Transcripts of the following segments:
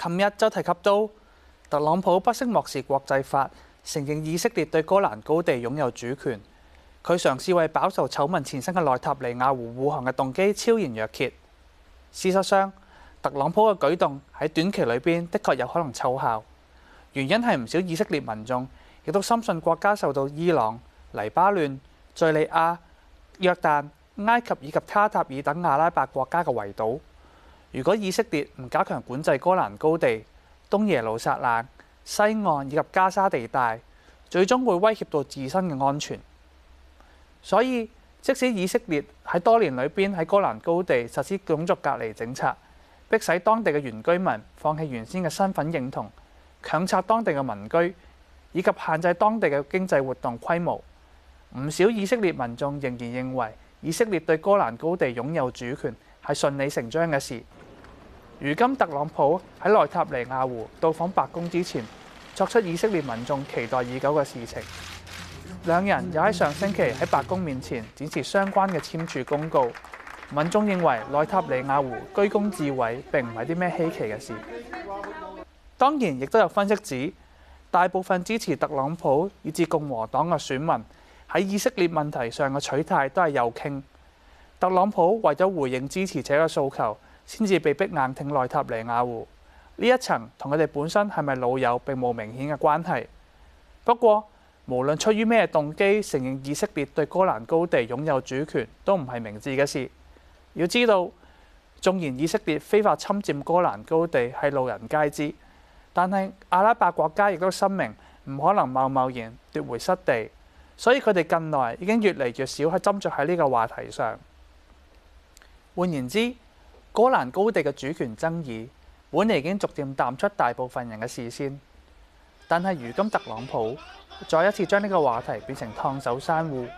琴日就提及到，特朗普不惜漠視國際法，承認以色列對戈蘭高地擁有主權，佢嘗試為飽受醜聞纏身嘅內塔尼亞胡護航嘅動機超然若揭。事實上，特朗普嘅舉動喺短期裏邊的確有可能湊效。原因係唔少以色列民眾亦都深信國家受到伊朗、黎巴嫩、敘利亞、約旦、埃及以及卡塔爾等阿拉伯國家嘅圍堵。如果以色列唔加強管制戈蘭高地、東耶路撒冷、西岸以及加沙地帶，最終會威脅到自身嘅安全。所以，即使以色列喺多年裏邊喺戈蘭高地實施種族隔離政策，迫使當地嘅原居民放棄原先嘅身份認同，強拆當地嘅民居，以及限制當地嘅經濟活動規模，唔少以色列民眾仍然認為以色列對戈蘭高地擁有主權係順理成章嘅事。如今特朗普喺內塔尼亞胡到訪白宮之前，作出以色列民眾期待已久嘅事情。兩人又喺上星期喺白宮面前展示相關嘅簽署公告。民眾認為內塔尼亞胡居功至偉並唔係啲咩稀奇嘅事。當然，亦都有分析指，大部分支持特朗普以至共和黨嘅選民喺以色列問題上嘅取態都係右傾，特朗普為咗回應支持者嘅訴求。先至被逼硬挺內塔尼亞胡呢一層，同佢哋本身係咪老友並冇明顯嘅關係。不過，無論出於咩動機，承認以色列對戈蘭高地擁有主權都唔係明智嘅事。要知道，縱然以色列非法侵占戈蘭高地係路人皆知，但係阿拉伯國家亦都深明唔可能貿貿然奪回失地，所以佢哋近來已經越嚟越少喺斟酌喺呢個話題上。換言之，戈蘭高地嘅主權爭議，本嚟已經逐漸淡出大部分人嘅視線，但係如今特朗普再一次將呢個話題變成燙手山芋。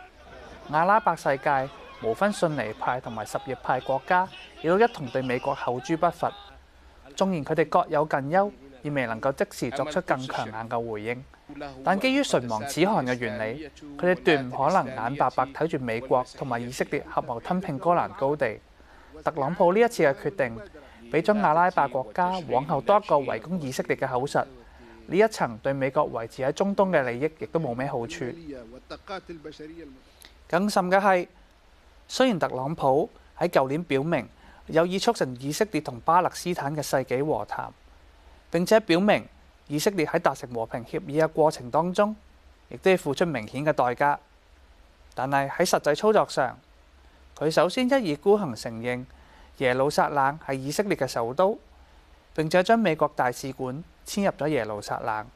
阿拉伯世界無分遜尼派同埋什葉派國家，亦都一同對美國口誅筆伐。縱然佢哋各有近憂，而未能夠即時作出更強硬嘅回應，但基於唇亡齒寒嘅原理，佢哋斷唔可能眼白白睇住美國同埋以色列合謀吞併戈蘭高地。特朗普呢一次嘅決定，俾咗阿拉伯國家往後多一個圍攻以色列嘅口實。呢一層對美國維持喺中東嘅利益亦都冇咩好處，更甚嘅係，雖然特朗普喺舊年表明有意促成以色列同巴勒斯坦嘅世紀和談，並且表明以色列喺達成和平協議嘅過程當中，亦都要付出明顯嘅代價，但係喺實際操作上。佢首先一意孤行，承認耶路撒冷係以色列嘅首都，並且將美國大使館遷入咗耶路撒冷，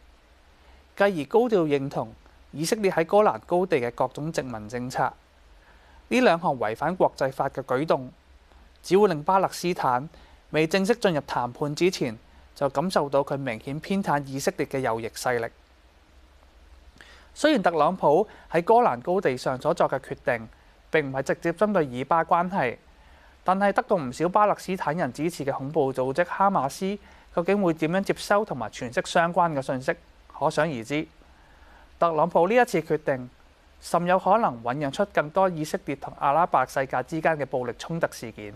繼而高調認同以色列喺戈蘭高地嘅各種殖民政策。呢兩項違反國際法嘅舉動，只會令巴勒斯坦未正式進入談判之前就感受到佢明顯偏袒以色列嘅右翼勢力。雖然特朗普喺戈蘭高地上所作嘅決定，並唔係直接針對以巴關係，但係得到唔少巴勒斯坦人支持嘅恐怖組織哈馬斯，究竟會點樣接收同埋詮釋相關嘅信息？可想而知，特朗普呢一次決定，甚有可能醞釀出更多以色列同阿拉伯世界之間嘅暴力衝突事件。